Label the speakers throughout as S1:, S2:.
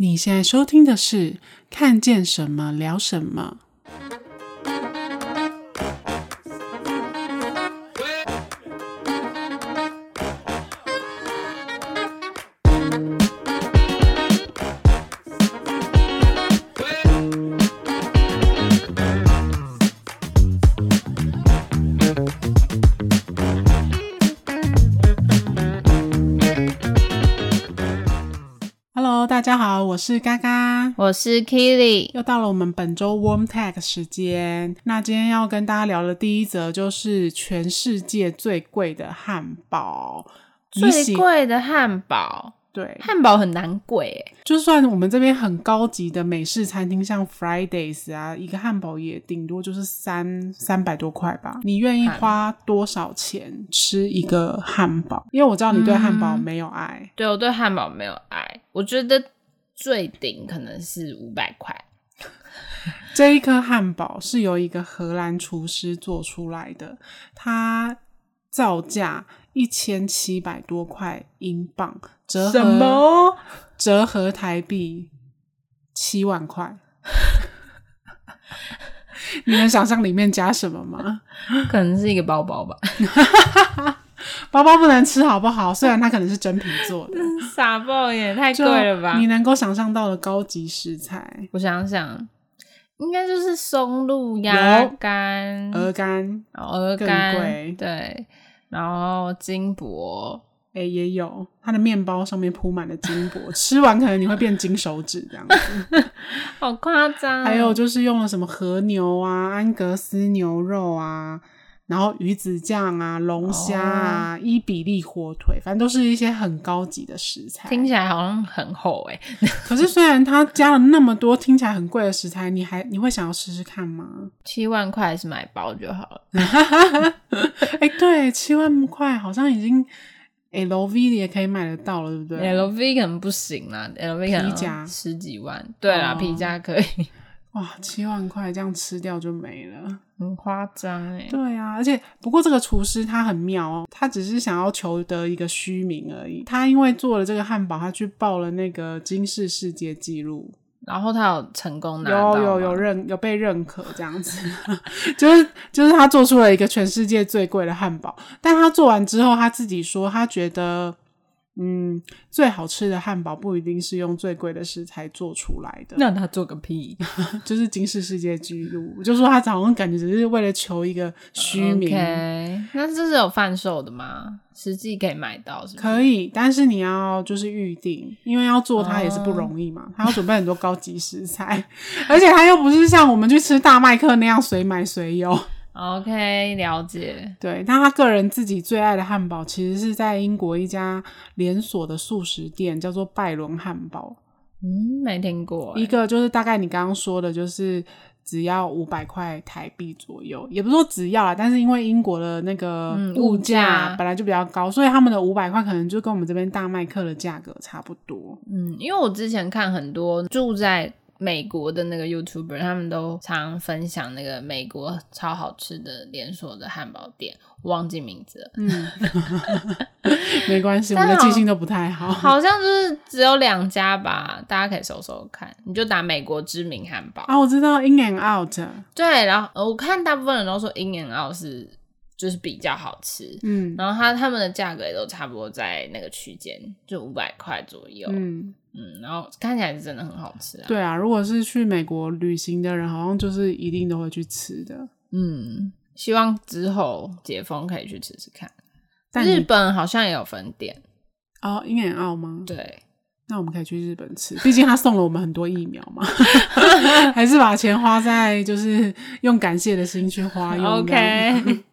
S1: 你現在收聽的是《看見什麼聊什麼》。是嘎嘎，我是 Kili，又到了我們本周 Warm Tag 時間。那今天要跟大家聊的第一則就是全世界最貴的漢堡，
S2: 最貴的漢堡,堡，對，漢堡很難
S1: 貴。就算我們這邊很高級的美式餐廳，像 Fridays 啊，一個漢堡也頂多就是三三百多塊吧。你願意花多少錢吃一個漢堡,堡？因為我知道你對漢堡
S2: 沒有愛。嗯、對我對漢堡沒有愛，我覺得。最頂可能是五百塊。
S1: 這一顆漢堡是由一個荷蘭廚師做出來的，它造價一千七百多塊英鎊，折什麼？折合台幣七萬塊。 你能想象裡面加什麼嗎？可能是一個包包吧。 包包不能吃，好不好？雖然它可能是真皮做
S2: 的。 傻爆也太貴了吧！你能夠想象到的高級食材，我想想，應該就是松露鴨、鴨肝、鵝肝，然後鵝肝更貴，對。
S1: 然後金箔，誒、欸、也有。它的麵包上面鋪滿了金箔， 吃完可能你會變金手指這樣
S2: 子， 好誇張、哦。還有
S1: 就是用了什麼和牛啊、安格斯牛肉啊。然後魚子醬啊，龍蝦啊，oh. 伊比利火腿，反正都是一些很高級的食材，聽起來好像很厚哎。可是雖然它加了那麼多聽起來很貴的食材，你還你會想要試試看
S2: 嗎？七萬塊還是買包就好了。哎、 欸，對，七萬塊好像已經 LV 也可以買得到了，對不對？LV 可能不行
S1: 啦，LV 可能皮夾十幾萬，對啦，oh. 皮夾可以。哇，七萬塊這樣吃掉就沒了，很誇張哎。對啊，而且不過這個廚師他很妙哦，他只是想要求得一個虛名而已。他因為做了這個漢堡，他去報了那個金氏世界紀錄，然後他有成功拿到有有有認有被認可這樣子。 就是就是他做出了一個全世界最貴的漢堡，但他做完之後，他自己說他覺得。嗯，最好吃的漢堡不一定是用最貴的食材做出來的。那他
S2: 做個屁，
S1: 就是金氏世界紀錄，就是、說他好像感覺只是為了求一個虛名。Okay,
S2: 那這是有販售的嗎？實際可以買到是不是？
S1: 可以，但是你要就是預定，因為要做它也是不容易嘛，他、uh... 要準備很多高級食材， 而且他又不是像我們去吃大麥克那樣隨買隨有。
S2: OK，了解。
S1: 對，那他個人自己最愛的漢堡，其實是在英國一家連鎖的速食店，叫做拜倫漢堡。
S2: 嗯，沒聽過、
S1: 欸。一個就是大概你剛剛說的，就是只要五百塊台幣左右，也不是說只要啊，但是因為英國的那個物價、啊、本
S2: 來就比較高，嗯、所以他們的五百塊可能就跟我們這邊大麥克的價格差不多。嗯，因為我之前看很多住在。美國的那個 YouTuber，他們都常分享那個美國超好吃的連鎖的漢堡店，忘記名字了。嗯
S1: 沒關係，我們的記性都不太好。好
S2: 像就是只有兩家吧，大家可以搜搜看。你就打“美國知名漢堡”。啊，我
S1: 知道 In and Out。
S2: 對，然後，呃，我看大部分人都說 In and Out 是。就是比較好吃，嗯，然後它他，他們的價格也都差不多在那個區間，就五百塊左右，嗯嗯，然後看起來是真的很好吃啊。對
S1: 啊，如果是去美國旅行的人，好像就是一定
S2: 都會去吃的。
S1: 嗯，
S2: 希望之後解封可以去吃吃看，
S1: 但。日本
S2: 好像也有分店哦，In-N-Out 嗎？對，
S1: 那我們可以去日本吃，畢竟他送了我們很多疫苗嘛。 還是把錢花在就是用感謝的心去花、 okay。O K。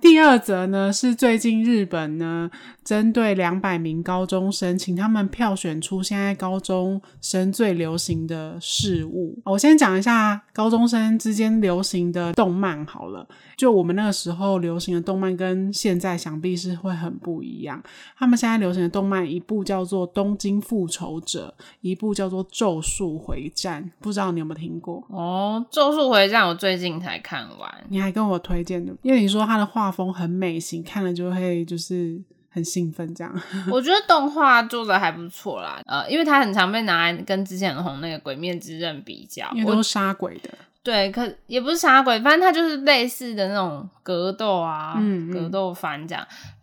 S1: 第二則呢是最近日本呢針對兩百名高中生，請他們票選出現在高中生最流行的事物。哦，我先講一下高中生之間流行的動漫好了，就我們那個時候流行的動漫跟現在想必是會很不一樣。他們現在流行的動漫一部叫做《東京復仇者》，一部叫做《咒術回戰》，不知道你有沒有聽過？哦，
S2: 《咒術回戰》我最近才看完，
S1: 你還跟我推薦的，因為你說他的畫。畫風很美型，看了就會就是很興奮這樣。
S2: 我覺得動畫做的還不錯啦，呃，因為它很常被拿來跟之前很紅那個《鬼滅之刃》比較，因為都是殺鬼的。對，可也不是殺鬼，反正它就是類似的那種格鬥啊，嗯嗯格鬥番這樣。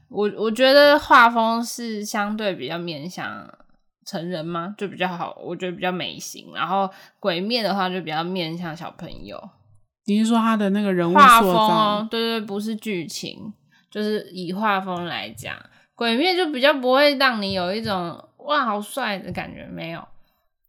S2: 我我覺得畫風是相對比較面向成人嘛，就比較好。我覺得比較美型，然後《鬼滅》的話就比較面向小朋友。你是說他的那個人物畫風哦，啊？對對對，不是劇情，就是以畫風來講，《鬼滅》就比較不會讓你有一種哇好帥的感覺。沒有，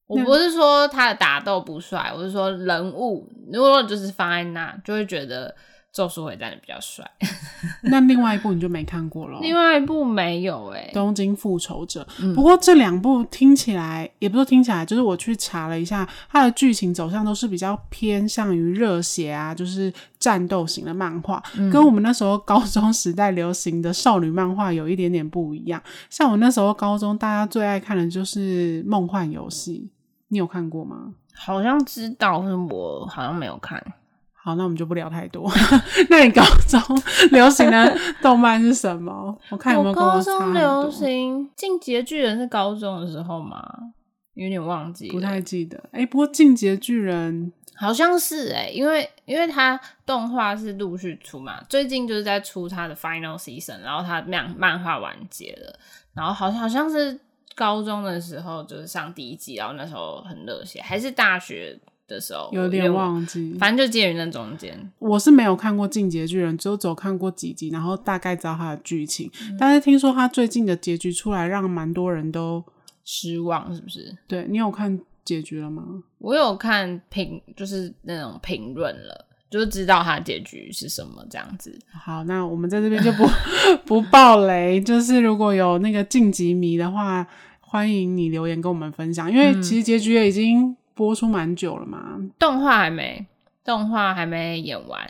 S1: 我不
S2: 是說他的打鬥不帥，嗯，我是說人物如果就是放在那，就會覺得。咒術迴戰比較帥，
S1: 那另外一部你就沒看過了？ 另外一部沒有哎、欸，《東京復仇者》嗯。不過這兩部聽起來，也不是聽起來，就是我去查了一下，它的劇情走向都是比較偏向於熱血啊，就是戰鬥型的漫畫，嗯，跟我們那時候高中時代流行的少女漫畫有一點點不一樣。像我那時候高中，大家最愛看的就是《夢幻遊戲》，你有看過嗎？好像知
S2: 道，但我好
S1: 像沒有看。好，那我們就不聊太多。 那你高中流行的 動漫是什麼？我看你們高中流行
S2: 《進擊的巨人》，是高中的時候嗎？有點忘記，不太
S1: 記得。哎、欸，不過《進擊的巨人》好像
S2: 是哎、欸，因為因為它動畫是陸續出嘛，最近就是在出它的 final season，然後它那漫畫完結了。然後好像好像是高中的時候就是上第一季，然後那時候很熱血，還是大學。的時候有點忘記，反正就介於那中間。
S1: 我是沒有看過《進擊的巨人》，只有只看過幾集，然後大概知道他的劇情、嗯。但是聽說他最近的結局出來，讓蠻多人都失
S2: 望，是不是？對你有看結局了嗎？我有看評，就是那種評論了，就知道他的結局是什麼這樣子。
S1: 好，那我們在這邊就不 不爆雷，就是如果有那個進擊迷的話，歡迎你留言跟我們分享，因為其實結局也已經。嗯播出蠻久了嗎？
S2: 動畫還沒，動畫還沒演完，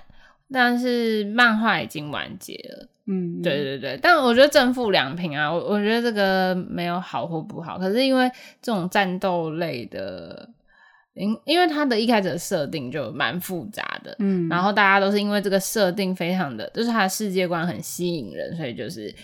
S2: 但是漫畫已經完結了。嗯，嗯，對對對，但我覺得正負兩平啊，我我覺得這個沒有好或不好，可是因為這種戰鬥類的，因因為它的一開始設定就蠻複雜的，嗯，然後大家都是因為這個設定非常的，就是它的世界觀很吸引人，所以就是。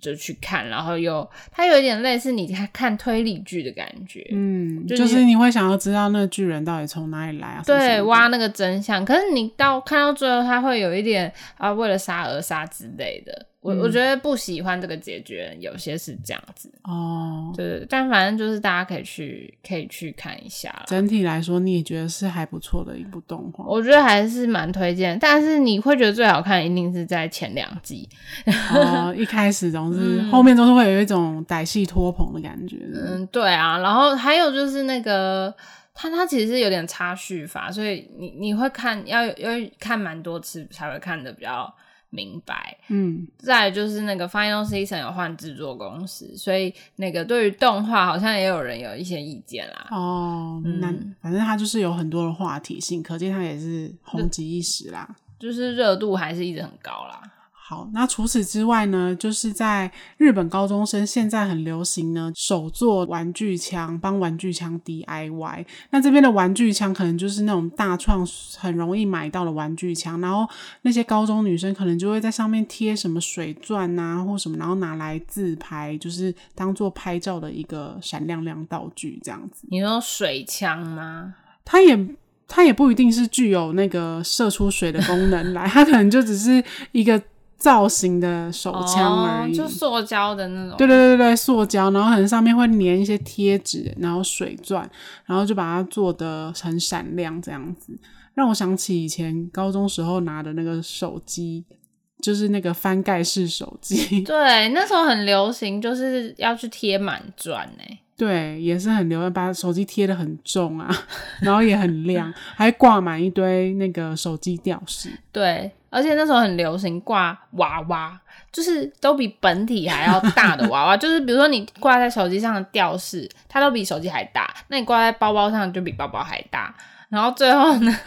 S2: 就去看，然後又，他有一點類似你看，看推理劇的感覺，嗯，就你、就是你
S1: 會想要知道那個巨人到底從哪裡來啊，對，挖
S2: 那個真相。可是你到看到最後，他會有一點啊，為了殺而殺之類的。我、嗯、我覺得不喜歡這個結局，有些是這樣子哦，
S1: 對、就是，
S2: 但反正就是大家可以去可以去看一下。
S1: 整體來說，你也覺得是還不錯的一部動
S2: 畫？我覺得還是蠻推薦，但是你會覺得最好看一定是在前兩季
S1: 哦，一開始總是 後面都是會有一種歹戲拖棚的感覺。嗯，
S2: 對啊，然後還有就是那個它它其實是有點插敘法，所以你你會看要要看蠻多次才會看的比較。明白，嗯，再來就是那個 Final Season 有換制作公司，所以那個對於動畫好像也有人有一些意見啦。哦，嗯、那
S1: 反正它就是有很多的話題性，可見它也是紅極一時啦，就、
S2: 就是熱度還是一直很高啦。好，那除此
S1: 之外呢，就是在日本高中生現在很流行呢，手做玩具槍，幫玩具槍 DIY。那這邊的玩具槍可能就是那種大創很容易買到的玩具槍，然後那些高中女生可能就會在上面貼什麼水鑽啊或什麼，然後拿來自拍，就是當做拍照的一個閃亮亮道具這樣子。
S2: 你說水槍嗎？
S1: 它也它也不一定是具有那個射出水的功能來，它可能就只是一個。造型的手槍啊、oh, 就
S2: 塑膠的那種。對對對對，
S1: 塑膠，然後可能上面會粘一些貼紙，然後水鑽，然後就把它做得很閃亮，這樣子讓我想起以前高中時候拿的那個手機，就是那個翻蓋式手機。
S2: 對，那時候很流行，就是要去貼滿鑽呢。
S1: 對，也是很流行，把手機貼得很重啊，然後也很亮， 還掛滿一堆那個手機吊飾。
S2: 對。而且那時候很流行掛娃娃，就是都比本體還要大的娃娃， 就是比如說你掛在手機上的吊飾，它都比手機還大，那你掛在包包上就比包包還大，然後最後呢，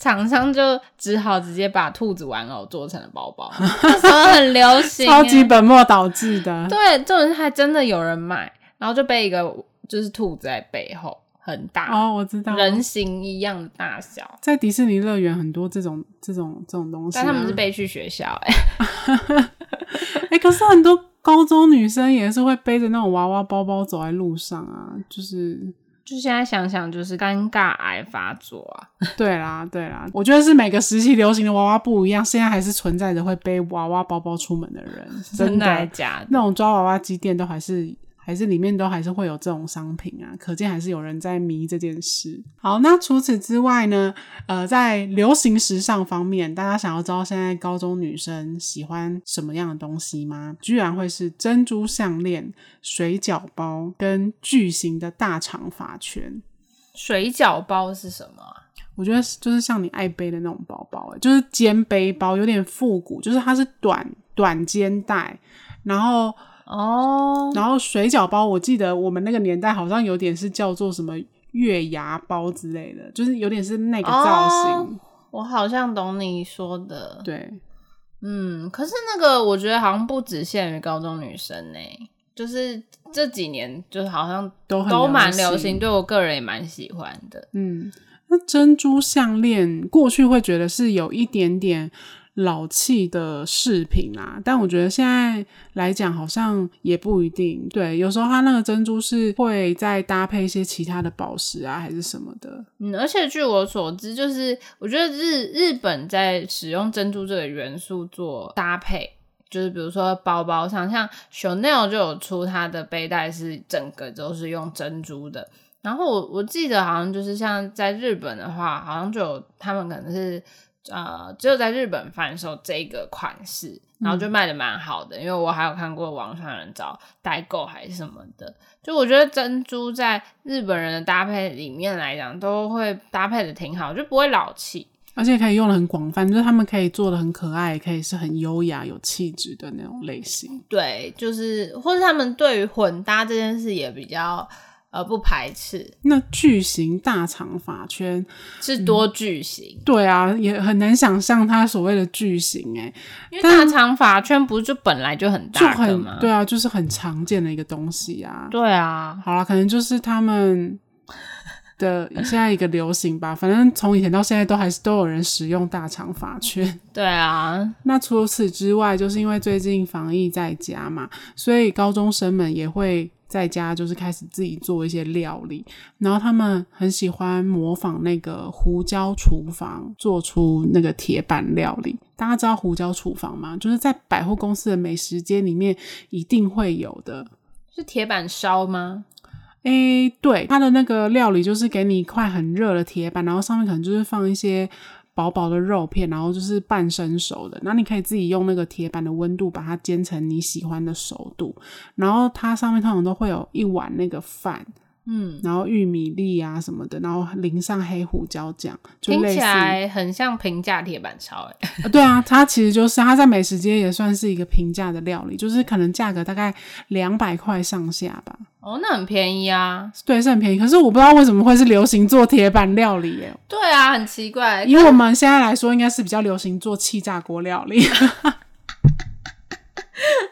S2: 廠商就只好直接把兔子玩偶做成了包包。 那時候很流行，超級
S1: 本末倒置的。對，
S2: 這種還真的有人買，然後就被一個就是兔子在背後。很大哦，我知道，人形一樣的大小，
S1: 在迪士尼樂園很多這種這種這種東西、啊。但他們是背
S2: 去學校，欸，
S1: 哎，哎，可是很多高中女生也是會背着那種娃娃包包走在路上
S2: 啊，就是，就現在想想，就是尷尬癌發作啊。 對啦，對啦，我覺得是
S1: 每個時期流行的娃娃不一樣，現在還是存在着會背娃娃包包出門的人。真的假的？那種抓娃娃機店都還是。還是裡面都還是會有這種商品啊，可見還是有人在迷這件事。好，那除此之外呢？呃，在流行時尚方面，大家想要知道現在高中女生喜歡什麼樣的東西嗎？居然會是珍珠項鏈、水餃包跟巨型的大長髮圈。
S2: 水餃包是什麼？
S1: 我覺得就是像你愛背的那種包包，欸，就是肩背包，有點復古，就是它是短短肩帶，然後。哦、oh，然後水餃包，我記得我們那個年代好像有點是叫做什麼月牙包之類的，就是有點是那個造型。
S2: Oh, 我好像懂你說的，對，嗯，可是那個我覺得好像不只限於高中女生呢，就是這幾年，就是好像都很流行，都蠻流行，對我個人也蠻喜歡的。嗯，那珍珠項鏈
S1: 過去會覺得是有一點點。老氣的飾品啦、啊，但我覺得現在來講好像也不一定。對，有時候它那個珍珠是會再搭配一些其他的寶石啊，還是什麼的。
S2: 嗯，而且據我所知，就是我覺得日日本在使用珍珠這個元素做搭配，就是比如說包包上，像 Chanel 就有出它的背帶是整個都是用珍珠的。然後我我記得好像就是像在日本的話，好像就有他們可能是。啊、呃，只有在日本販售這個款式，然後就賣的蠻好的、嗯。因為我還有看過網上人找代購還是什麼的。就我覺得珍珠在日本人的搭配裡面來講，都會搭配的挺好，就不會老氣，
S1: 而且可以用的很廣泛。就是他們可以做的很可愛，也可以是很優雅有氣質的那種類型。
S2: 對，就是或者他們對於混搭這件事也比較。而不排斥。
S1: 那巨型大長髮圈是多巨型？嗯，對啊，也很難想象他所謂的巨型哎，因為
S2: 大長髮圈不是就本來就很大嗎？就很對
S1: 啊，就是很常見的一個東西啊。對啊，好啦，可能就是他們的現在一個流行吧。反正從以前到現在都還是都有人使用大長髮圈。對啊，那除此之外，就是因為最近防疫在家嘛，所以高中生們也會。在家就是開始自己做一些料理，然後他們很喜歡模仿那個胡椒廚房，做出那個鐵板料理。大家知道胡椒廚房嗎？就是在百貨公司的美食街裡面一定會有的，
S2: 是鐵板燒嗎？
S1: 欸，對，他的那個料理就是給你一塊很熱的鐵板，然後上面可能就是放一些。薄薄的肉片，然後就是半生熟的。那你可以自己用那個鐵板的溫度把它煎成你喜歡的熟度。然後它上面通常都會有一碗那個飯。嗯，然後玉米粒啊什麼的，然後淋上黑胡椒醬，就類似聽起來
S2: 很像平價鐵板燒哎、欸
S1: 啊。對啊，它其實就是它在美食街也算是一個平價的料理，就是可能價格大概兩百塊上下吧。
S2: 哦，那很便宜啊。對，
S1: 是很便宜。可是我不知道為什麼會是流行做鐵板料理耶。
S2: 對啊，很奇怪。以
S1: 我們現在來說，應該是比較流行做氣炸鍋料理。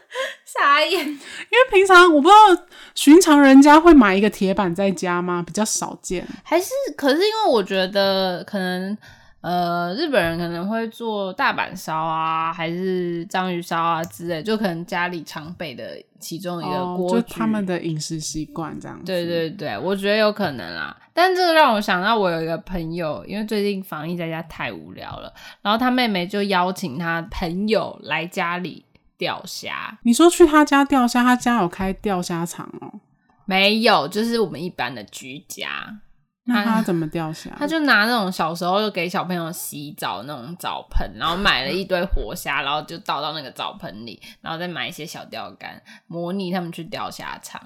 S1: 傻眼，因為平常我不知道尋常人家會買一個鐵
S2: 板在家嗎？比較少見，還是可是因為我覺得可能呃日本人可能會做大阪燒啊，還是章魚燒啊之類，就可能家裡常備的其中一個鍋、哦。就他們的飲食習慣這樣子。對對對，我覺得有可能啦、啊。但是這個讓我想到，我有一個朋友，因為最近防疫在家太無聊了，然後他妹妹就邀請他朋友來家裡。釣蝦，
S1: 你說去他家釣蝦，他家有開釣蝦場哦？
S2: 沒有，就是我們一般的居家。他那他
S1: 怎麼釣蝦？他就
S2: 拿那種小時候就給小朋友洗澡的那種澡盆，然後買了一堆活蝦，然後就倒到那個澡盆裡，然後再買一些小釣竿，模擬他們去釣蝦場。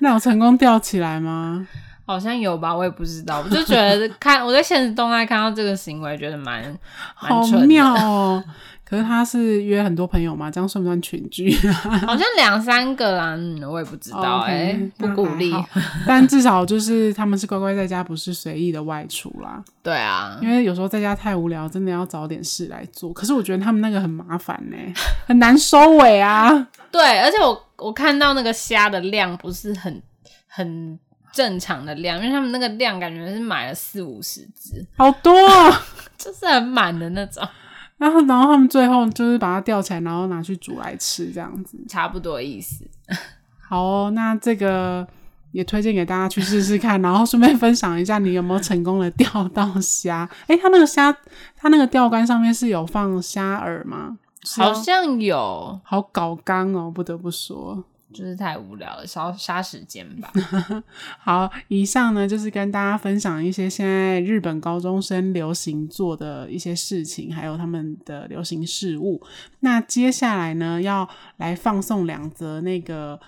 S1: 那有成功釣起來
S2: 嗎？好像有吧，我也不知道。我 就覺得看我在現實動態看到這個行為，覺得蠻蠢的。好
S1: 妙哦。可是他是約很多朋友嘛，這樣算不算群
S2: 聚？啊、好像兩三個人、啊嗯，我也不知道哎、Okay, 欸。不鼓
S1: 勵， 但至少就是他們是乖乖在家，不是隨意的外出啦。對啊，因為有時候在家太無聊，真的要找點事來做。可是我覺得他們那個很麻煩呢、欸，很難收尾啊。
S2: 對，而且我我看到那個蝦的量不是很很正常的量，因為他們那個量感覺是買了四五十只，
S1: 好多、啊，
S2: 就是很滿的那種。
S1: 然後，然後，然後他們最後就是把它釣起來，然後拿去煮來吃，
S2: 這樣子差不多意思。
S1: 好哦，那這個也推薦給大家去試試看， 然後順便分享一下你有沒有成功的釣到蝦。哎，它那個蝦，它那個釣竿上面是有放蝦
S2: 餌嗎，嗎？好像有，好搞剛哦，不得不說。就是太無聊了，消殺時間吧。
S1: 好，以上呢，就是跟大家分享一些現在日本高中生流行做的一些事情，還有他們的流行事物。那接下來呢，要來放送兩則那個。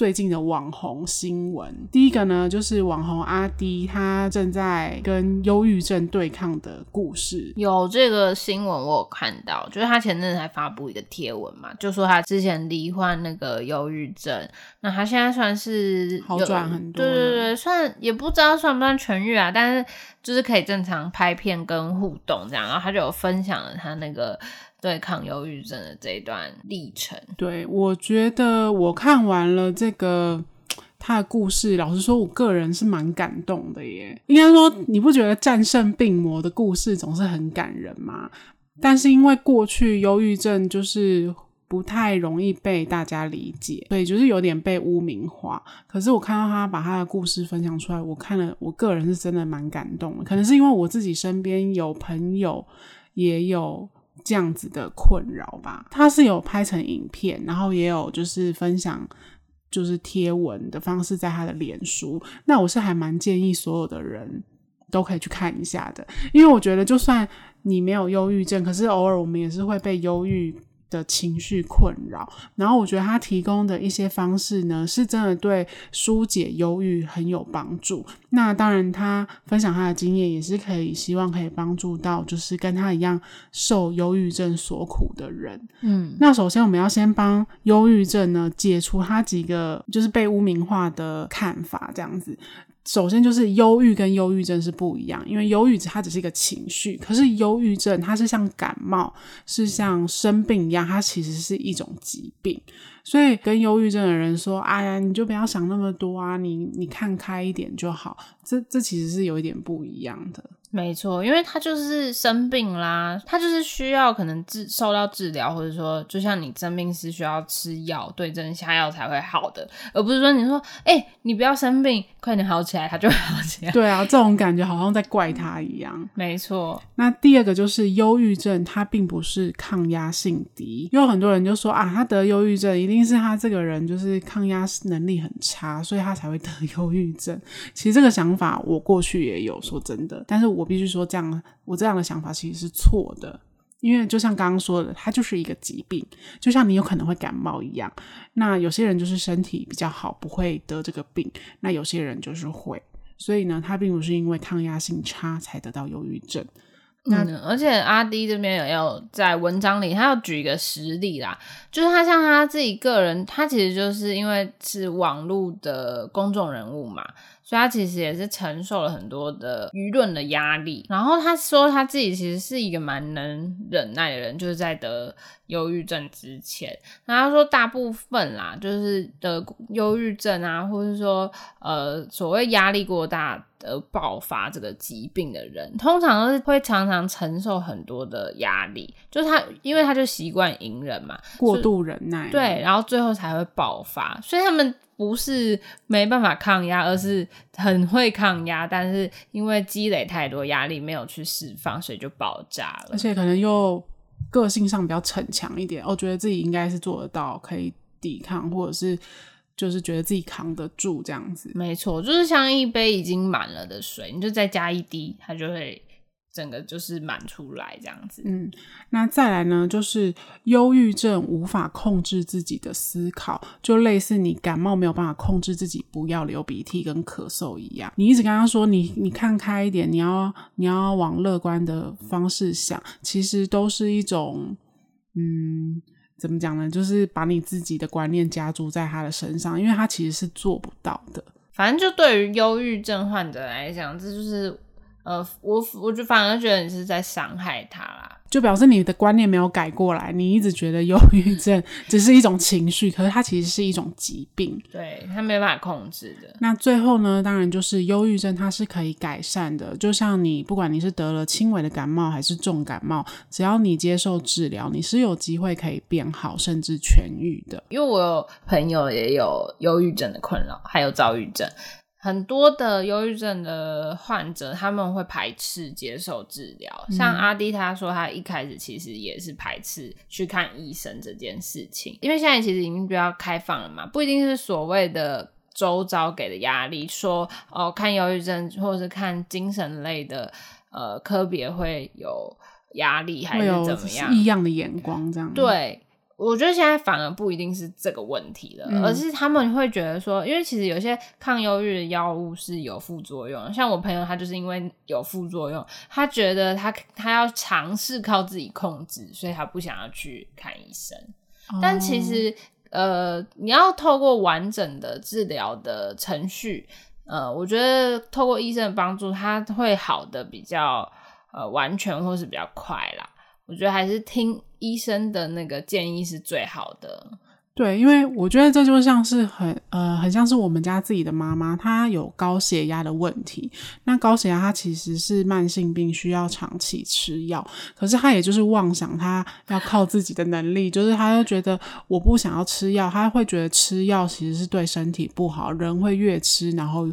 S1: 最近的網紅新聞，第一個呢就是網紅阿滴，他正在跟憂鬱症對抗的故事。
S2: 有這個新聞，我有看到，就是他前陣子還發佈一個貼文嘛，就說他之前罹患那個憂鬱症，那他現在算是好轉很多，對對對，算也不知道算不算痊癒啊，但是就是可以正常拍片跟互動這樣，然後他就有分享了他那個。對抗憂鬱症的這一段歷程，
S1: 對，我覺得我看完了這個他的故事，老實說，我個人是蠻感動的耶。應該說，你不覺得戰勝病魔的故事總是很感人嗎？但是因為過去憂鬱症就是不太容易被大家理解，所以就是有點被污名化。可是我看到他把他的故事分享出來，我看了，我個人是真的蠻感動的。可能是因為我自己身邊有朋友，也有。這樣子的困擾吧，他是有拍成影片，然後也有就是分享就是貼文的方式在他的臉書。那我是還蠻建議所有的人都可以去看一下的，因為我覺得就算你沒有憂鬱症，可是偶爾我們也是會被憂鬱的情緒困擾，然後我覺得他提供的一些方式呢，是真的對疏解憂鬱很有幫助。那當然，他分享他的經驗也是可以，希望可以幫助到就是跟他一樣受憂鬱症所苦的人。嗯，那首先我們要先幫憂鬱症呢解除他幾個就是被污名化的看法，這樣子。首先就是憂鬱跟憂鬱症是不一樣，因為憂鬱它只是一個情緒，可是憂鬱症它是像感冒，是像生病一樣，它其實是一種疾病。所以跟憂鬱症的人說：“哎呀，你就不要想那麼多啊，你你看開一點就好。”這這其實是有一點不一樣的。
S2: 沒錯，因為他就是生病啦，他就是需要可能治受到治療，或者說就像你生病是需要吃藥對症下藥才會好的，而不是說你說哎、欸，你不要生病，快點好起來，他就會好起來。對啊，這
S1: 種感覺好像在怪他一樣。沒錯。那第二個就是憂鬱症，他並不是抗壓性低，因為很多人就說啊，他得憂鬱症一定是他這個人就是抗壓能力很差，所以他才會得憂鬱症。其實這個想法我過去也有，說真的，但是我。我必須說，這樣我這樣的想法其實是錯的，因為就像剛剛說的，它就是一個疾病，就像你有可能會感冒一樣。那有些人就是身體比較好，不會得這個病；那有些人就是會。所以呢，它並不是因為抗壓性差才得到憂鬱症。
S2: 那，嗯，而且阿迪這邊也要在文章裡，他要舉一個實例啦，就是他像他自己個人，他其實就是因為是網絡的公眾人物嘛，所以他其實也是承受了很多的輿論的壓力。然後他說他自己其實是一個蠻能忍耐的人，就是在得憂鬱症之前，然後他說大部分啦，就是得憂鬱症啊，或是說呃所謂壓力過大。而爆發這個疾病的人，通常都是會常常承受很多的壓力，就是他因為他就習慣隱忍嘛，過度忍耐，對，然後最後才會爆發。所以他們不是沒辦法抗壓，而是很會抗壓，但是因為積累太多壓力沒有去釋放，所以就爆炸
S1: 了。而且可能又個性上比較逞強一點，我、哦、覺得自己應該是做得到，
S2: 可以抵抗，或者是。就是覺得自己扛得住這樣子，沒錯，就是像一杯已經滿了的水，你就再加一滴，它就會整個就是滿出來這樣子。嗯，
S1: 那再來呢，就是憂鬱症無法控制自己的思考，就類似你感冒沒有辦法控制自己不要流鼻涕跟咳嗽一樣。你一直跟他說，你你看開一點，你要你要往樂觀的方式想，其實都是一種嗯。怎麼講呢？就是把你自己的觀念加注在他的身上，因為他其實是做不到的。
S2: 反正就對於憂鬱症患者來講，這就是呃，我我就反而覺得你是在傷害他啦。
S1: 就表示你的觀念沒有改過來，你一直覺得憂鬱症只是一種情緒，可是它其實是一種疾病，
S2: 對，它沒辦法控制的。
S1: 那最後呢，當然就是憂鬱症它是可以改善的，就像你不管你是得了輕微的感冒還是重感冒，只要你接受治療，你是有機會可以變好甚至痊癒
S2: 的。因為我有朋友也有憂鬱症的困擾，還有躁鬱症。很多的憂鬱症的患者，他們會排斥接受治療，嗯。像阿滴他說，他一開始其實也是排斥去看醫生這件事情，因為現在其實已經比較開放了嘛，不一定是所謂的周遭給的壓力，說哦，看憂鬱症或者是看精神類的，呃，科別會有壓力還是怎麼樣，異樣
S1: 的眼光這樣子，對。
S2: 我覺得現在反而不一定是這個問題了，嗯、而是他們會覺得說，因為其實有些抗憂鬱的藥物是有副作用，像我朋友他就是因為有副作用，他覺得他他要嘗試靠自己控制，所以他不想要去看醫生。嗯、但其實，呃，你要透過完整的治療的程序，呃，我覺得透過醫生的幫助，他會好得比較，呃，完全或是比較快啦。我覺得還是聽醫生的那個建議是最好的。
S1: 對，因為我覺得這就像是很呃，很像是我們家自己的媽媽，她有高血壓的問題。那高血壓它其實是慢性病，需要長期吃藥。可是她也就是妄想，她要靠自己的能力， 就是她又覺得我不想要吃藥，她會覺得吃藥其實是對身體不好，人會越吃然後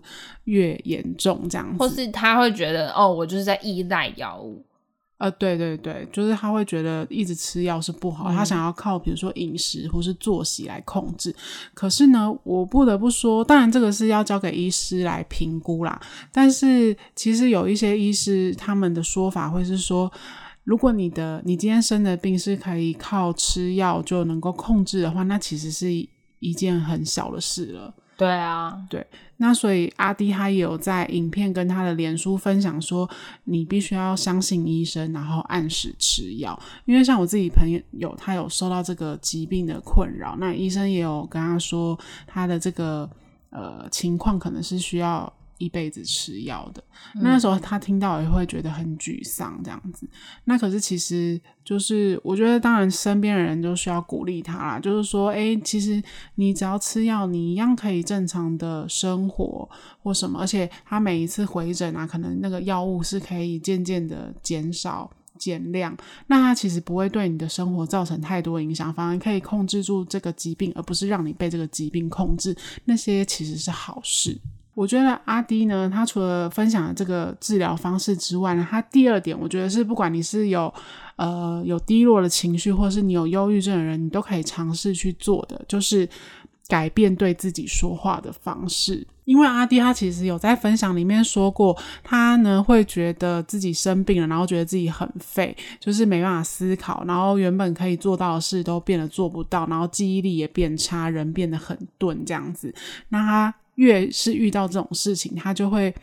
S1: 越嚴重這樣子，或是
S2: 她會覺得哦，我就是在依賴藥物。
S1: 呃，對對對，就是他會覺得一直吃藥是不好，嗯，他想要靠比如說飲食或是作息來控制。可是呢，我不得不說，當然這個是要交給醫師來評估啦。但是其實有一些醫師他們的說法會是說，如果你的你今天生的病是可以靠吃藥就能夠控制的話，那其實是一件很小的事了。對啊，對，那所以阿滴他也有在影片跟他的臉書分享說，你必須要相信醫生，然後按時吃藥，因為像我自己朋友，他有受到這個疾病的困擾，那醫生也有跟他說他的這個呃情況可能是需要。一輩子吃藥的，那時候他聽到也會覺得很沮喪，這樣子、嗯。那可是其實就是，我覺得當然身邊的人就需要鼓勵他啦，就是說，誒、欸，其實你只要吃藥，你一樣可以正常的生活或什麼。而且他每一次回診啊，可能那個藥物是可以漸漸的減少減量，那他其實不會對你的生活造成太多影響，反而可以控制住這個疾病，而不是讓你被這個疾病控制。那些其實是好事。嗯我覺得阿滴呢，他除了分享了這個治療方式之外呢，他第二點，我覺得是不管你是有呃有低落的情緒，或者是你有憂鬱症的人，你都可以嘗試去做的，就是改變對自己說話的方式。因為阿滴他其實有在分享裡面說過，他呢會覺得自己生病了，然後覺得自己很廢，就是沒辦法思考，然後原本可以做到的事都變得做不到，然後記憶力也變差，人變得很鈍這樣子。那他。越是遇到這種事情，他就會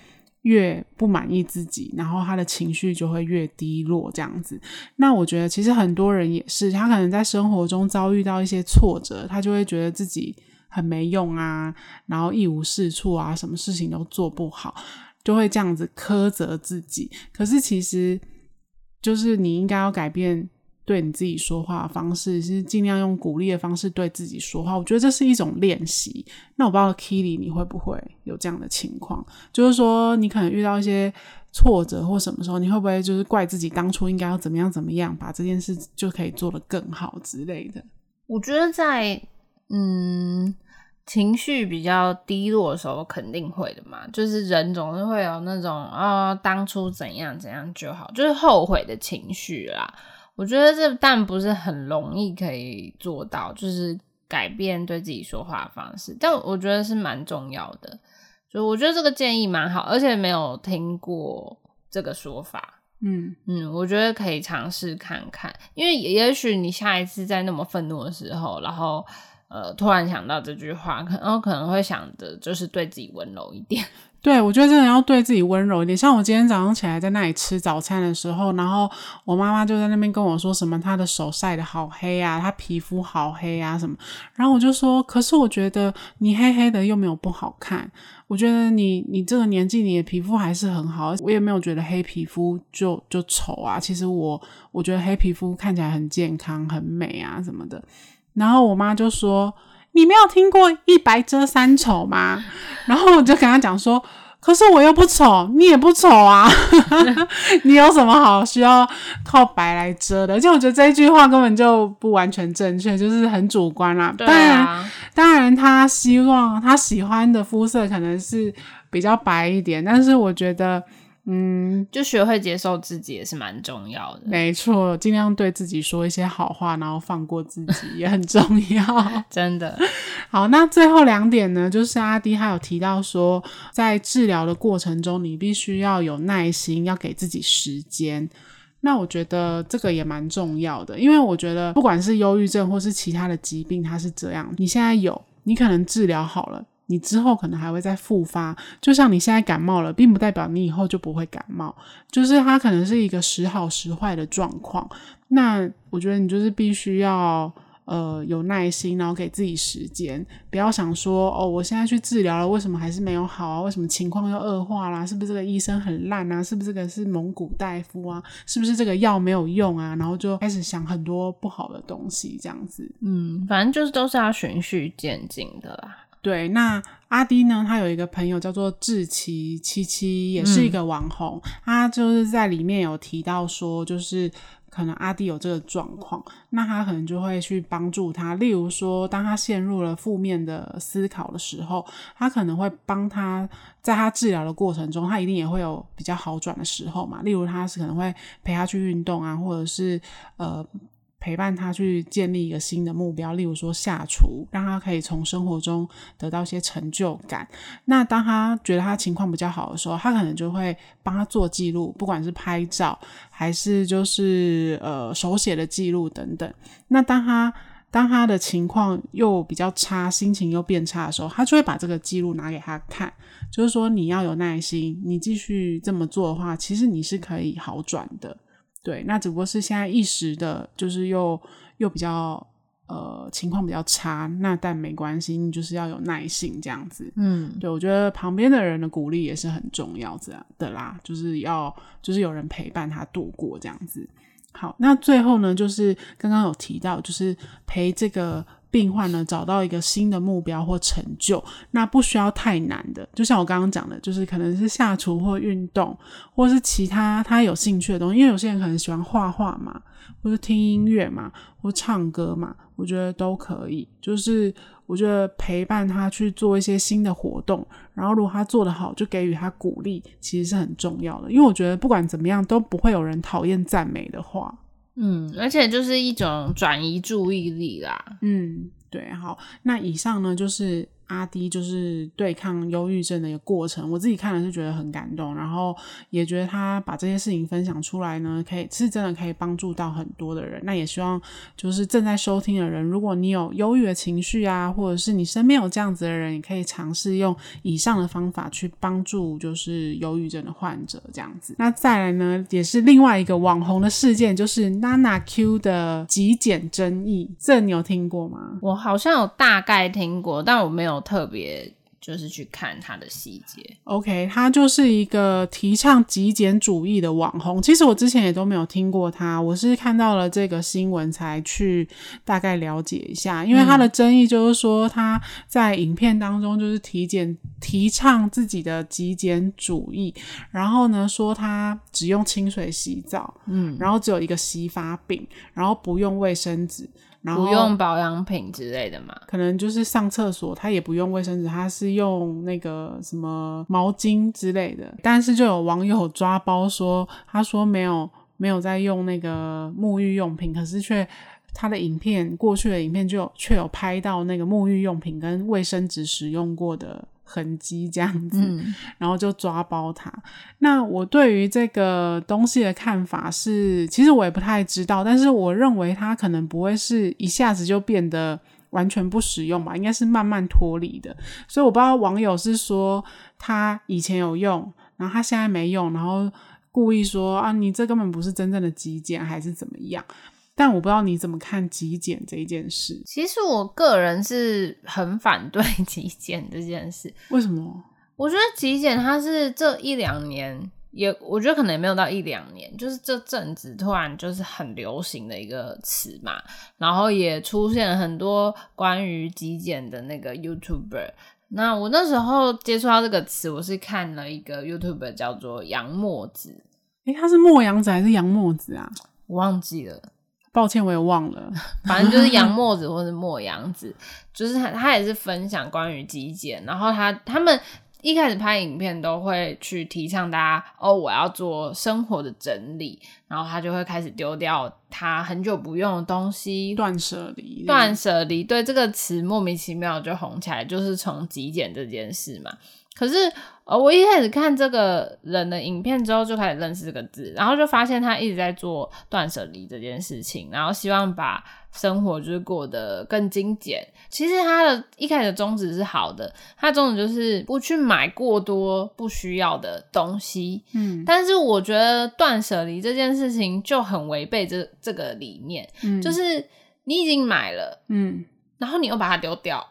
S1: 越不滿意自己，然後他的情緒就會越低落，這樣子。那我覺得其實很多人也是，他可能在生活中遭遇到一些挫折，他就會覺得自己很沒用啊，然後一無是處啊，什麼事情都做不好，就會這樣子苛責自己。可是其實就是你應該要改變。對你自己說話的方式，是盡量用鼓勵的方式對自己說話，我覺得這是一種練習。那我不知道 k i l y 你會不會有這樣的情況？就是說你可能遇到一些挫折或什麼時候，你會不會就是怪自己當初應該要怎
S2: 麼樣怎麼樣，把這
S1: 件事就可以做得更好之類的？
S2: 我覺得在，嗯，情緒比較低落的時候肯定會的嘛，就是人總是會有那種啊、哦、當初怎樣怎樣就好，就是後悔的情緒啦。我覺得這但不是很容易可以做到，就是改變對自己說話的方式，但我覺得是蠻重要的。所以我覺得這個建議蠻好，而且沒有聽過這個說法。嗯嗯，我覺得可以嘗試看看，因為也許你下一次在那麼憤怒的時候，然後呃突然想到這句話，可能可能會想着就是對自己溫柔一點。
S1: 對，我覺得真的要對自己溫柔一點。像我今天早上起來在那裡吃早餐的時候，然後我媽媽就在那邊跟我說什麼：“她的手曬得好黑啊，她皮膚好黑啊什麼。”然後我就說：“可是我覺得你黑黑的又沒有不好看，我覺得你你這個年紀你的皮膚還是很好，我也沒有覺得黑皮膚就就醜啊。其實我我覺得黑皮膚看起來很健康、很美啊什麼的。”然後我媽就說。你沒有聽過“一白遮三醜”嗎？然後我就跟他講說：“可是我又不醜，你也不醜啊， 你有什麼好需要靠白來遮的？”而且我覺得這句話根本就不完全正確，就是很主觀啦。對啊。當然，當然他希望他喜歡的膚色可能是比較白一點，但是我覺得。嗯，
S2: 就學會接受自己也是蠻重要的。
S1: 沒錯，盡量對自己說一些好話，然後放過自己也很重要。 真的。好，那最後兩點呢，就是阿滴他有提到說，在治療的過程中，你必須要有耐心，要給自己時間。那我覺得這個也蠻重要的，因為我覺得不管是憂鬱症或是其他的疾病，它是這樣。你現在有，你可能治療好了。你之後可能還會再復發，就像你現在感冒了，並不代表你以後就不會感冒，就是它可能是一個時好時壞的狀況。那我覺得你就是必須要呃有耐心，然後給自己時間，不要想說哦，我現在去治療了，為什麼還是沒有好啊？為什麼情況又惡化啦啊？是不是這個醫生很爛啊？是不是這個是蒙古大夫啊？是不是這個藥沒有用啊？然後就開始想很多不好的東西這樣子。嗯，反正就是都是要循序漸進的啦。.對，那阿滴呢？他有一個朋友叫做志祺七七也是一個網紅，嗯。他就是在裡面有提到說，就是可能阿滴有這個狀況，那他可能就會去幫助他。例如說，當他陷入了負面的思考的時候，他可能會幫他，在他治療的過程中，他一定也會有比較好轉的時候嘛。例如他是可能會陪他去運動啊，或者是呃。陪伴他去建立一個新的目標，例如說下廚，讓他可以從生活中得到一些成就感。那當他覺得他情況比較好的時候，他可能就會幫他做記錄，不管是拍照還是就是呃手寫的記錄等等。那當他當他的情況又比較差，心情又變差的時候，他就會把這個記錄拿給他看。就是說，你要有耐心，你繼續這麼做的話，其實你是可以好轉的。對，那只不過是現在一時的，就是又又比較呃情況比較差，那但沒關係，就是要有耐性這樣子。嗯，對，我覺得旁邊的人的鼓勵也是很重要的啦，就是要就是有人陪伴他度過這樣子。好，那最後呢，就是剛剛有提到，就是陪這個。病患呢，找到一個新的目標或成就，那不需要太難的。就像我剛剛講的，就是可能是下廚或運動，或是其他他有興趣的東西。因為有些人可能喜歡畫畫嘛，或是聽音樂嘛，或是唱歌嘛，我覺得都可以。就是我覺得陪伴他去做一些新的活動，然後如果他做得好，就給予他鼓勵，其實是很重要的。因為我覺得不管怎麼樣，都不會有人討厭讚美的話。
S2: 嗯，而且就是一種轉移注意力啦。嗯，對，好，
S1: 那以上呢，就是。阿滴就是對抗憂鬱症的一個過程，我自己看了是覺得很感動，然後也覺得他把這些事情分享出來呢，可以是真的可以幫助到很多的人。那也希望就是正在收聽的人，如果你有憂鬱的情緒啊，或者是你身邊有這樣子的人，也可以嘗試用以上的方法去幫助就是憂鬱症的患者這樣子。那再來呢，也是另外一個網紅的事件，就是 NanaQ 的極簡爭議，這你有聽過嗎？我
S2: 好像有大概聽過，但我沒有。特別就是去看他的細節。
S1: OK，他就是一個提倡極簡主義的網紅。其實我之前也都沒有聽過他，我是看到了這個新聞才去大概了解一下。因為他的爭議就是說他在影片當中就是提簡提倡自己的極簡主義，然後呢說他只用清水洗澡，嗯，然後只有一個洗髮餅，然後不用衛生紙。
S2: 然後不用保
S1: 養品之類的嘛，可能就是上廁所，他也不用衛生紙，他是用那個什麼毛巾之類的。但是就有網友抓包說，他說沒有沒有在用那個沐浴用品，可是卻他的影片，過去的影片就有，卻有拍到那個沐浴用品跟衛生紙使用過的。痕跡這樣子，嗯，然後就抓包他。那我對於這個東西的看法是，其實我也不太知道，但是我認為它可能不會是一下子就變得完全不使用吧，應該是慢慢脫離的。所以我不知道網友是說他以前有用，然後他現在沒用，然後故意說啊，你這根本不是真正的極簡，還
S2: 是怎麼樣？但我不知道你怎麼看極簡這一件事。其實我個人是很反對極簡這件事。為什麼？我覺得極簡它是這一兩年，也我覺得可能也沒有到一兩年，就是這陣子突然就是很流行的一個詞嘛。然後也出現了很多關於極簡的那個 YouTuber。那我那時候接觸到這個詞，我是看了一個 YouTuber 叫做楊墨子。
S1: 誒、欸，他是墨楊子還是楊墨子啊？我忘記了。抱歉，我也忘了。反正就是楊墨
S2: 子或者墨楊子， 就是他，他也是分享關於極簡。然後他他們一開始拍影片都會去提倡大家哦，我要做生活的整理。然後他就會開始丟掉他很久不用的東西，斷捨離。斷捨離，對，這個詞莫名其妙就紅起來，就是從極簡這件事嘛。可是，呃，我一開始看這個人的影片之後，就開始認識這個字，然後就發現他一直在做斷舍離這件事情，然後希望把生活就是過得更精簡。其實他的一開始宗旨是好的，他的宗旨就是不去買過多不需要的東西。嗯，但是我覺得斷舍離這件事情就很違背這這個理念。嗯，就是你已經買了，嗯，然後你又把它丟掉，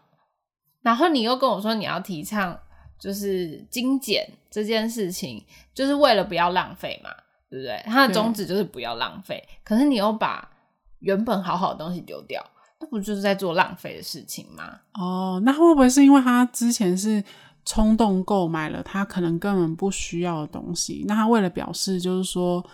S2: 然後你又跟我說你要提倡。就是精簡這件事情，就是為了不要浪費嘛，對不對？它的宗旨就是不要浪費。可是你又把原本好好的東西丟掉，那不就是在做浪費的事情嗎？
S1: 哦，那會不會是因為他之前是衝動購買了他可能根本不需要的東西？那他為了表示，就是說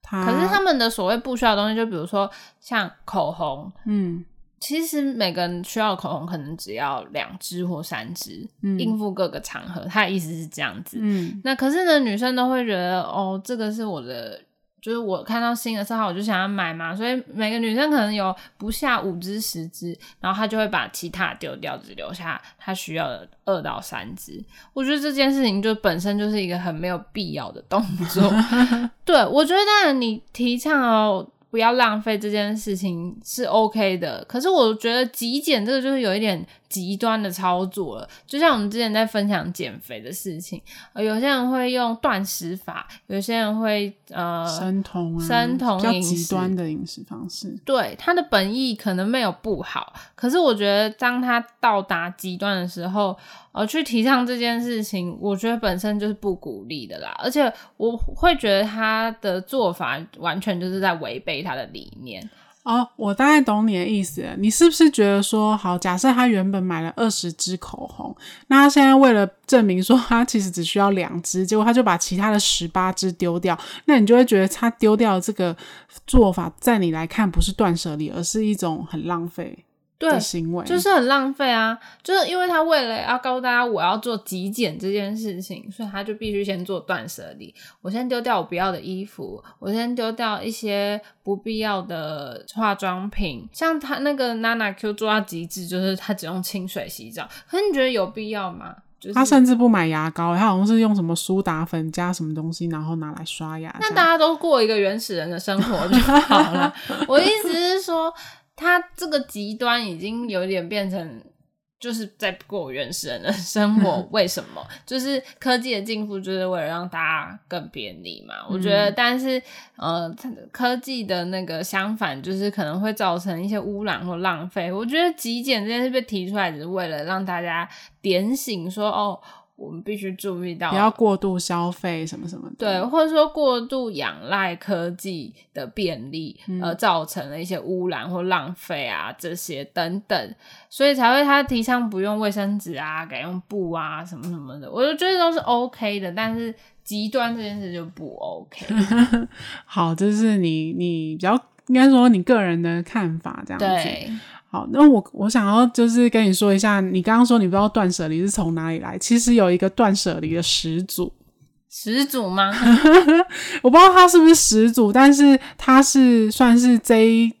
S1: 他，可是他
S2: 們的所謂不需要的東西，就比如說像口紅，嗯。其實每個人需要的口紅可能只要兩支或三支，嗯，應付各個場合。他的意思是這樣子。嗯，那可是呢，女生都會覺得哦，這個是我的，就是我看到新的色號我就想要買嘛。所以每個女生可能有不下五支十支，然後她就會把其他丟掉，只留下她需要的二到三支。我覺得這件事情就本身就是一個很沒有必要的動作。 對，我覺得當然你提倡哦。不要浪費這件事情是 OK 的，可是我覺得極簡這個就是有一點。極端的操作了，就像我們之前在分享減肥的事情，呃，有些人會用斷食法，有些人會呃生酮，啊、生酮飲食，比較極端的
S1: 飲食方式。
S2: 對，他的本意可能沒有不好，可是我覺得當他到達極端的時候，而，呃、去提倡這件事情，我覺得本身就是不鼓勵的啦。而且我會覺得他的做法完全就是在違背他的理念。
S1: 哦，我大概懂你的意思。你是不是覺得說，好，假設他原本買了二十支口紅，那他現在為了證明說他其實只需要兩支，結果他就把其他的十八支丟掉，那你就會覺得他丟掉的這個做法，在你來看不是斷捨離，而是一種很浪費。
S2: 對的，行為就是很浪費啊！就是因為他為了要告訴大家我要做極簡這件事情，所以他就必須先做斷捨離。我先丟掉我不要的衣服，我先丟掉一些不必要的化妝品。像他那個 NanaQ 做到極致，就是他只用清水洗澡。可是你覺得有必要嗎？就是、他
S1: 甚至不買牙膏，他好像是用什麼蘇打粉加什麼東西，然後拿來刷牙。那大
S2: 家都過一個原始人的生活就好了。 我意思是說。它這個極端已經有點變成，就是在過原始人的生活。為什麼？ 就是科技的進步，就是為了讓大家更便利嘛。我覺得，嗯、但是呃，科技的那個相反，就是可能會造成一些污染或浪費。我覺得極簡這件事被提出來，只是為了讓大家點醒說，說哦。我們必須注意到，不要
S1: 過度消費什麼什麼的，對，
S2: 或者說過度仰賴科技的便利，而造成了一些污染或浪費啊、嗯，這些等等，所以才會他提倡不用衛生紙啊，改用布啊，什麼什麼的，我就覺得都是 OK 的，但是極端這件事就不 OK。
S1: 好，這、就是你你比較應該說你個人的看法這樣子。對好，那我我想要就是跟你說一下，你剛剛說你不知道斷舍離是從哪裡來，其實有一個斷舍離的始祖，
S2: 始祖嗎？
S1: 我不知道他是不是始祖，但是他是算是這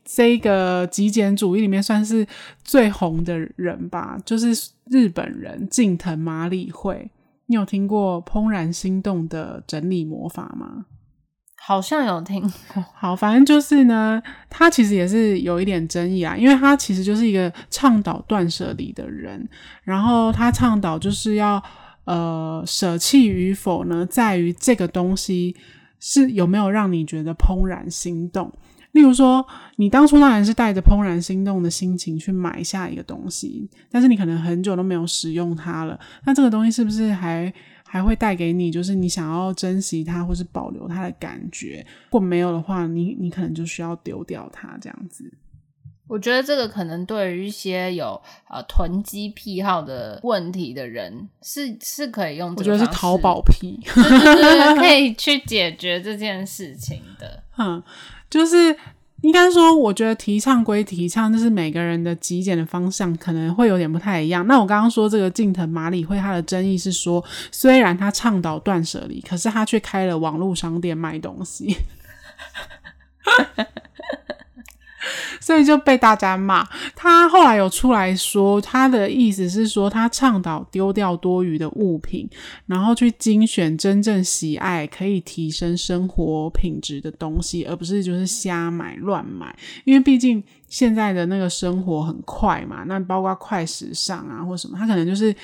S1: 這一個極簡主義裡面算是最紅的人吧，就是日本人近藤麻理惠，你有聽過怦然心動的整理魔法嗎？好像有聽，好，反正就是呢，他其實也是有一點爭議啊，因為他其實就是一個倡導斷捨離的人，然後他倡導就是要呃捨棄與否呢，在於這個東西是有沒有讓你覺得怦然心動。例如說，你當初當然是帶着怦然心動的心情去買下一個東西，但是你可能很久都沒有使用它了，那這個東西是不是還？還會帶給你，就是你想要珍惜它或是保留它的感覺。如果沒有的話，你你可能就需要丟掉它這樣子。
S2: 我覺得這個可能對於一些有呃囤積癖好的問題的人，是是可以用這個我覺得是淘寶癖，可以去解決這件事情的。 嗯，就是。
S1: 應該說，我覺得提倡歸提倡，就是每個人的極簡的方向可能會有點不太一樣。那我剛剛說這個近藤麻理惠，他的爭議是說，雖然他倡導斷捨離，可是他卻開了網絡商店賣東西， 所以就被大家罵。他後來有出來說，他的意思是說，他倡導丟掉多餘的物品，然後去精選真正喜愛、可以提升生活品質的東西，而不是就是瞎買亂買。因為畢竟現在的那個生活很快嘛，那包括快時尚啊或什麼，他可能就是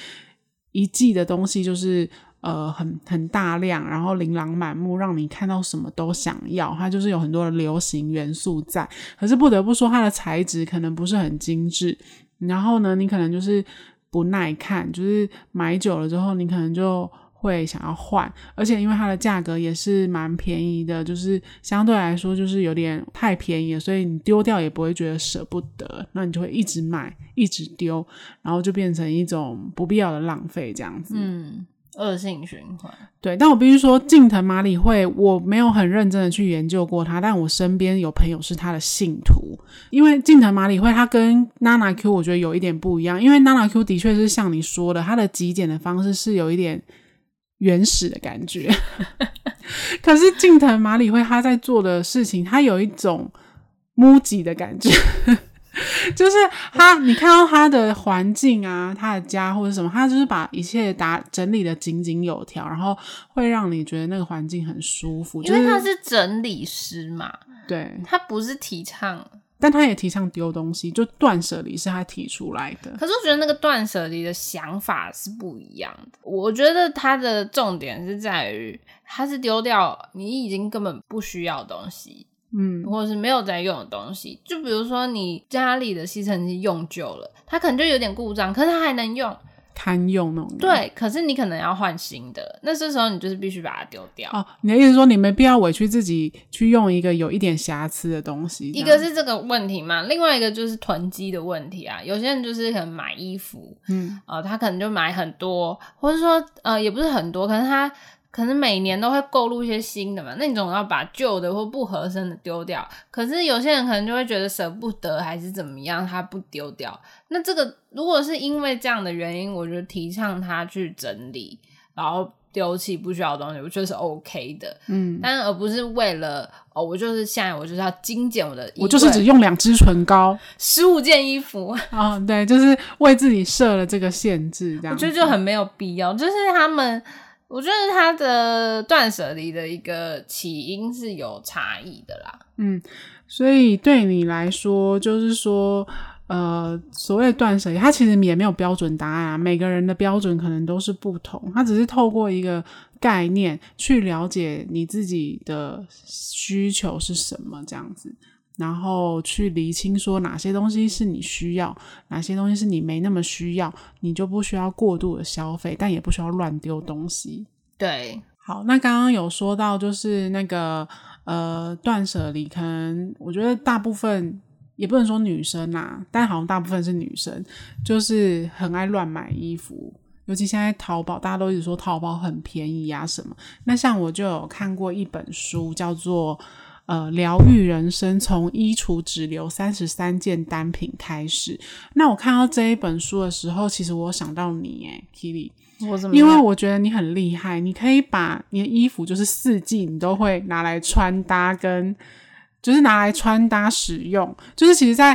S1: 一季的東西就是。呃，很很大量，然後琳琅滿目，讓你看到什麼都想要。它就是有很多的流行元素在，可是不得不說，它的材質可能不是很精緻。然後呢，你可能就是不耐看，就是買久了之後，你可能就會想要換。而且因為它的價格也是蠻便宜的，就是相對來說就是有點太便宜了，所以你丟掉也不會覺得捨不得，那你就會一直買，一直丟，然後就變成一種不必要的浪費這樣子。
S2: 嗯。惡性循環，
S1: 對，但我必須說，近藤麻里惠我沒有很認真的去研究過他，但我身邊有朋友是他的信徒，因為近藤麻里惠他跟 NanaQ，我覺得有一點不一樣，因為 NanaQ 的確是像你說的，他的極簡的方式是有一點原始的感覺， 可是近藤麻里惠他在做的事情，他有一種 Muji 的感覺。 就是他，你看到他的環境啊，他的家或者什麼，他就是把一切打整理得井井有條，然後會讓你覺得那個環境很舒服，就是，因為他是
S2: 整理師嘛。
S1: 對，他
S2: 不是提倡，
S1: 但他也提倡丟東西，就斷捨離是他提出來的。可
S2: 是我覺得那個斷捨離的想法是不一樣的，我覺得他的重點是在於他是丟掉你已經根本不需要的東西。嗯，或者是沒有在用的東西，就比如說你家裡的吸塵器用舊了，它可能就有點故障，可是它還能用，堪用那種。對，可是你可能要換新的，那這時候你就是必須把它丟掉。
S1: 哦，你的意思是說你沒必要委屈自己去用一個有一點瑕疵的東西。一個是
S2: 這個問題嘛，另外一個就是囤積的問題啊。有些人就是可能買衣服，嗯，呃，他可能就買很多，或者說呃，也不是很多，可是他。可能每年都會購入一些新的嘛，那你總要把舊的或不合身的丟掉。可是有些人可能就會覺得捨不得，還是怎麼樣，他不丟掉。那這個如果是因為這樣的原因，我覺得提倡他去整理，然後丟棄不需要的東西，我覺得是 OK 的。嗯，但而不是為了哦，我就是現在我就是要精簡我的衣服，我就是只
S1: 用兩支唇膏，
S2: 十五件衣服
S1: 啊。哦，對，就是為自己設了這個限制，這樣子我覺得就很
S2: 沒有必要。就是他們。我覺得他的斷捨離的一個起因是有差異的啦。嗯，
S1: 所以對你來說，就是說，呃，所謂的斷捨離，它其實也沒有標準答案啊，每個人的標準可能都是不同，它只是透過一個概念去了解你自己的需求是什麼，這樣子。然後去釐清說哪些東西是你需要，哪些東西是你沒那麼需要，你就不需要過度的消費，但也不需要亂丟東西。對，好，那剛剛有說到就是那個呃斷捨離，可能我覺得大部分也不能說女生啦、啊，但好像大部分是女生，就是很愛亂買衣服，尤其現在淘寶大家都一直說淘寶很便宜啊什麼。那像我就有看過一本書叫做。呃，療癒人生從衣櫥只留三十三件單品開始。那我看到這一本書的時候，其實我想到你耶，Kili，因為我覺得你很厲害，你可以把你的衣服就是四季你都會拿來穿搭跟，跟就是拿來穿搭使用。就是其實在，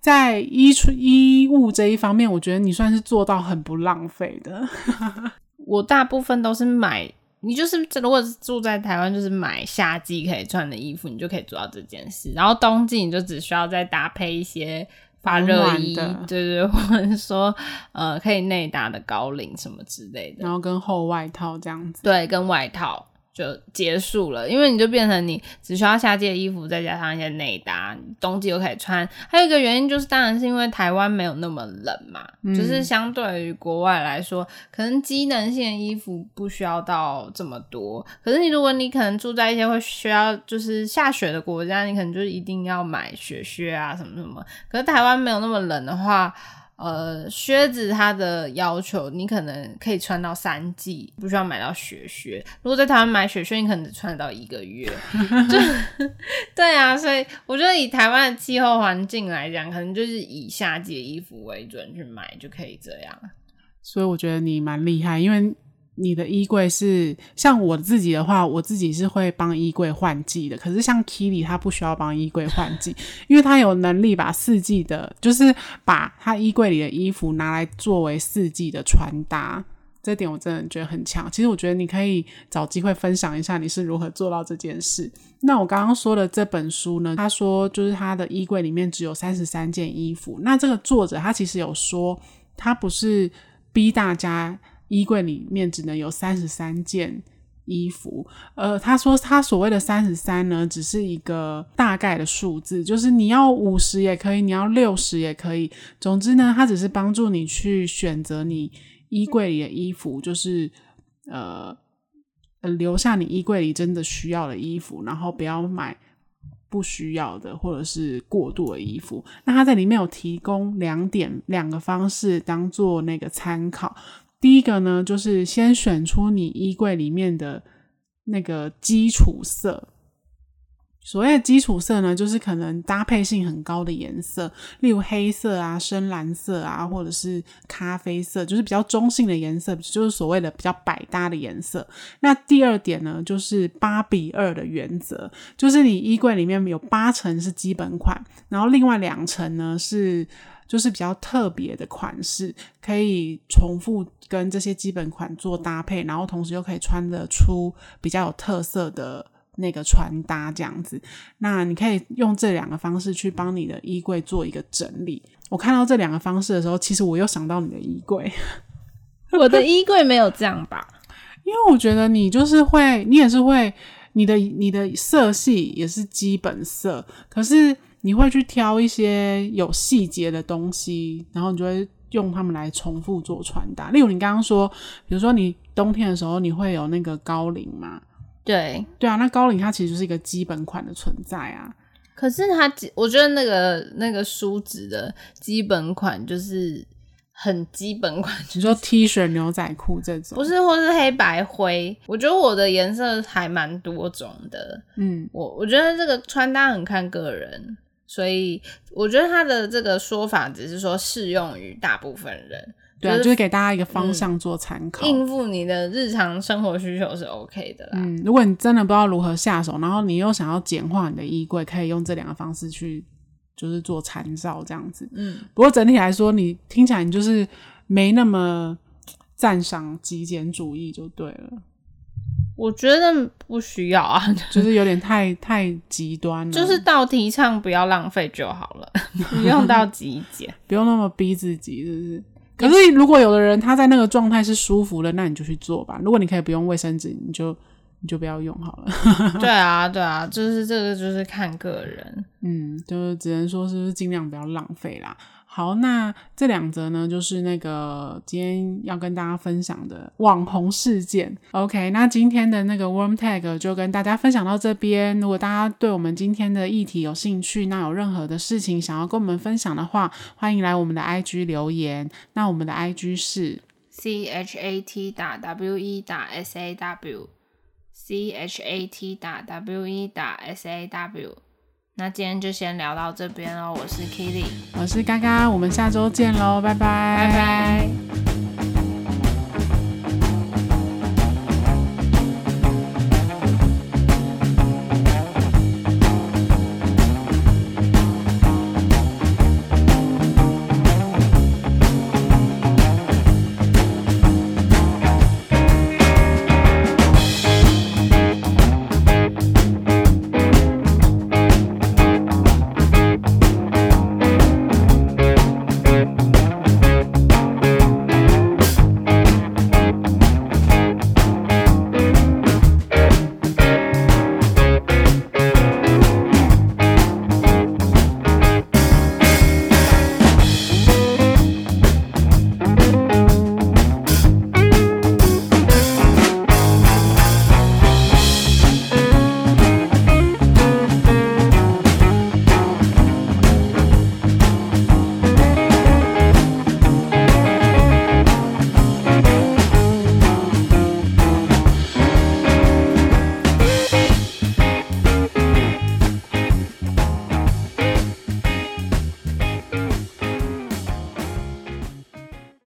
S1: 在在衣櫥衣物這一方面，我覺得你算是
S2: 做到很不浪費的。 我大部分都是買。你就是，如果是住在台灣，就是買夏季可以穿的衣服，你就可以做到這件事。然後冬季，你就只需要再搭配一些發熱衣，的對，對對，或者說呃可以內搭的高領什麼之類的，然後跟厚外套這樣子。對，跟外套。就結束了，因為你就變成你只需要夏季的衣服，再加上一些內搭，冬季又可以穿。還有一個原因就是，當然是因為台灣沒有那麼冷嘛，嗯、就是相對於國外來說，可能機能性的衣服不需要到這麼多。可是你如果你可能住在一些會需要就是下雪的國家，你可能就一定要買雪靴啊，什麼什麼。可是台灣沒有那麼冷的話。呃，靴子它的要求，你可能可以穿到三季，不需要買到雪靴。如果在台灣買雪靴，你可能只穿得到一個月。就 對啊，所以我覺得以台灣的氣候環境來講，可能就是以夏季的衣服為準去買就可以這樣。
S1: 所以我覺得你蠻厲害，因為。你的衣櫃是像我自己的話，我自己是會幫衣櫃換季的。可是像 Kiri 他不需要幫衣櫃換季，因為他有能力把四季的，就是把他衣櫃裡的衣服拿來作為四季的穿搭。這點我真的覺得很強。其實我覺得你可以找機會分享一下你是如何做到這件事。那我剛剛說的這本書呢？他說就是他的衣櫃裡面只有三十三件衣服。那這個作者他其實有說，他不是逼大家。衣櫃裡面只能有三十三件衣服。呃，他說他所謂的三十三呢，只是一個大概的數字，就是你要五十也可以，你要六十也可以。總之呢，他只是幫助你去選擇你衣櫃裡的衣服，就是呃，呃留下你衣櫃裡真的需要的衣服，然後不要買不需要的或者是過度的衣服。那他在裡面有提供兩點，兩個方式當做那個參考。第一個呢，就是先選出你衣櫃裡面的那個基礎色。所謂的基礎色呢，就是可能搭配性很高的顏色，例如黑色啊、深藍色啊，或者是咖啡色，就是比較中性的顏色，就是所謂的比較百搭的顏色。那第二點呢，就是八比二的原則，就是你衣櫃裡面有八成是基本款，然後另外兩成呢是，就是比較特別的款式，可以重複跟這些基本款做搭配，然後同時又可以穿得出比較有特色的那個穿搭這樣子。那你可以用這兩個方式去幫你的衣櫃做一個整理。我看到這兩個方式的時候，其實我又想到你的衣櫃。 我的衣櫃沒有這樣吧？因為我覺得你就是會，你也是會，你的你的色系也是基本色，可是。你會去挑一些有細節的東西，然後你就會用它們來重複做穿搭。例如你剛剛說，比如說你冬天的時候你會有那個高領嗎？對，對啊，那高領它其實是一個基本款的存在啊。
S2: 可是它，我覺得那個那個梳子的基本款就是很基本款，你
S1: 說 T 恤、牛仔褲這種，不是，
S2: 或是黑白灰。我覺得我的顏色還蠻多種的。嗯，我我覺得這個穿搭很看個人。所以我覺得他的這個說法只是說適用於大部分人，對啊、就是，就是
S1: 給大家一個方向做參考、
S2: 嗯，應付你的日常生活需求是 OK 的啦。
S1: 嗯，如果你真的不知道如何下手，然後你又想要簡化你的衣櫃，可以用這兩個方式去，就是做參照這樣子。嗯，不過整體來說，你聽起來你就是沒那麼讚賞極簡主義就對了。我覺得不需要啊，就是有點太太極端了，就是
S2: 到提倡不要浪費就好了， 不用到極簡，
S1: 不用那麼逼自己，就是。可是如果有的人他在那個狀態是舒服的，那你就去做吧。如果你可以不用衛生紙，你就你就不要用好
S2: 了。 對啊，對啊，就是這個就是看個人，
S1: 嗯，就是只能說是不是盡量不要浪費啦。好，那這兩則呢，就是那個今天要跟大家分享的網紅事件。OK，那今天的那個 Warm Tag 就跟大家分享到這邊。如果大家對我們今天的議題有興趣，那有任何的事情想要跟我們分享的話，歡迎來我們的 IG 留言。那我們的 IG 是
S2: c h a t 打 w e 打 s a w，c h a t 打 w e 打 s a w。那今天就先聊到這邊哦。我是 Kitty，
S1: 我是嘎嘎。我們下周見嘍，拜拜，拜拜。